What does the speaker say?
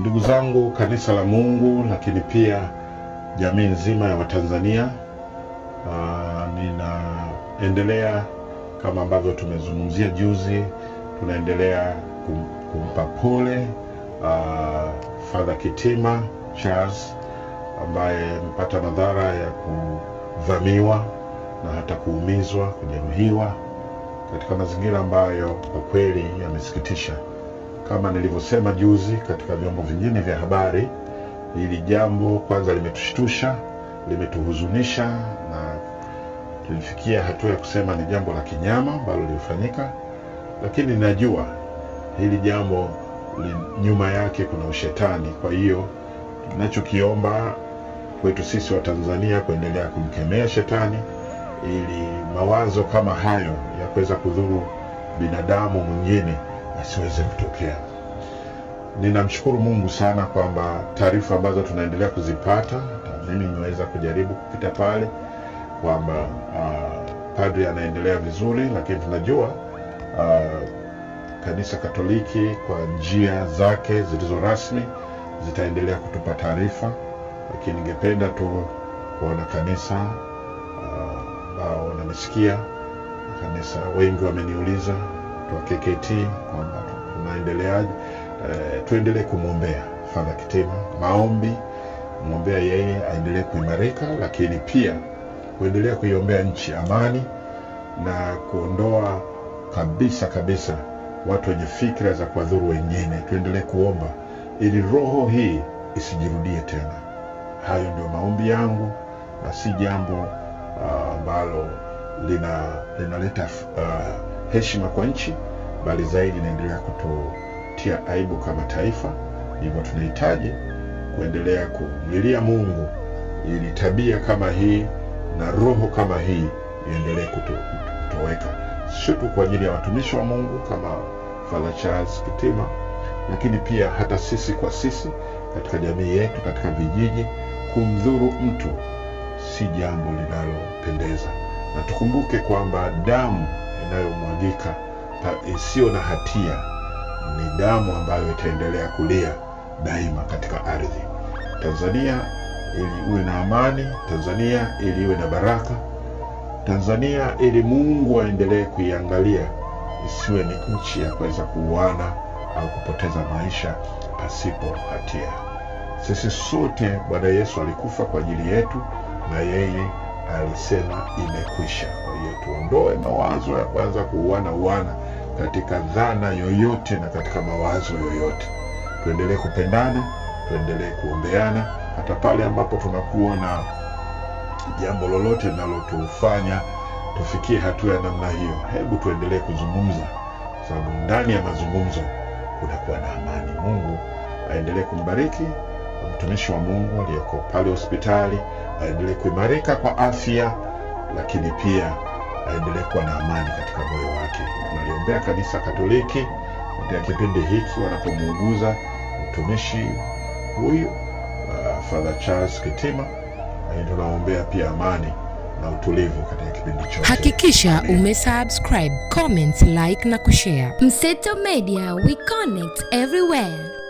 Ndugu zangu kanisa la Mungu, lakini pia jamii nzima ya Watanzania, ah, ninaendelea kama ambavyo tumezungumzia juzi, tunaendelea kumpa pole ah, Father Kitima Charles ambaye amepata madhara ya kuvamiwa na hata kuumizwa, kujeruhiwa katika mazingira ambayo kwa kweli yamesikitisha. Kama nilivyosema juzi katika vyombo vingine vya habari, hili jambo kwanza limetushtusha, limetuhuzunisha na tulifikia hatua ya kusema ni jambo la kinyama ambalo lilifanyika, lakini najua hili jambo nyuma yake kuna ushetani. Kwa hiyo tunachokiomba kwetu sisi wa Tanzania kuendelea kumkemea shetani ili mawazo kama hayo ya kuweza kudhuru binadamu mwingine asiweze kutokea. Ninamshukuru Mungu sana kwamba taarifa ambazo tunaendelea kuzipata mimi nimeweza kujaribu kupita pale kwamba uh, padri anaendelea vizuri, lakini tunajua uh, kanisa Katoliki kwa njia zake zilizo rasmi zitaendelea kutupa taarifa, lakini ningependa tu kuona kanisa ambao ah, uh, kanisa, wengi wameniuliza wa KKT kwamba tunaendeleaje. E, tuendelee kumwombea Father Kitima, maombi mwombea yeye aendelee kuimarika, lakini pia kuendelea kuiombea nchi amani na kuondoa kabisa kabisa watu wenye fikra za kuwadhuru wengine. Tuendelee kuomba ili roho hii isijirudie tena. Hayo ndio maombi yangu na si jambo ah, ambalo uh, lina linaleta uh, heshima kwa nchi, bali zaidi inaendelea kututia aibu kama taifa. Hivyo tunahitaji kuendelea kumlilia Mungu ili tabia kama hii na roho kama hii iendelee kutoweka, sio tu kwa ajili ya watumishi wa Mungu kama Father Charles Kitima, lakini pia hata sisi kwa sisi katika jamii yetu, katika vijiji. Kumdhuru mtu si jambo linalopendeza na tukumbuke kwamba damu inayomwagika isiyo na hatia ni damu ambayo itaendelea kulia daima katika ardhi. Tanzania ili uwe na amani, Tanzania ili iwe na baraka, Tanzania ili Mungu aendelee kuiangalia, isiwe ni nchi ya kuweza kuuana au kupoteza maisha pasipo hatia. Sisi sote Bwana Yesu alikufa kwa ajili yetu na yeye alisema imekwisha. Kwa hiyo tuondoe mawazo ya kwanza kuuana uana katika dhana yoyote na katika mawazo yoyote, tuendelee kupendana, tuendelee kuombeana, hata pale ambapo tunakuwa na jambo lolote linalotufanya tufikie hatua ya namna hiyo, hebu tuendelee kuzungumza, sababu ndani ya mazungumzo kunakuwa na amani. Mungu aendelee kumbariki mtumishi wa Mungu aliyeko pale hospitali aendelee kuimarika kwa afya, lakini pia aendelee kuwa na amani katika moyo wake. Tunaliombea kanisa Katoliki katika kipindi hiki wanapomuuguza mtumishi huyu uh, Father Charles Kitima, tunaombea pia amani na utulivu katika kipindi chote. Hakikisha umesubscribe, comment, like na kushare. Mseto Media, we connect everywhere.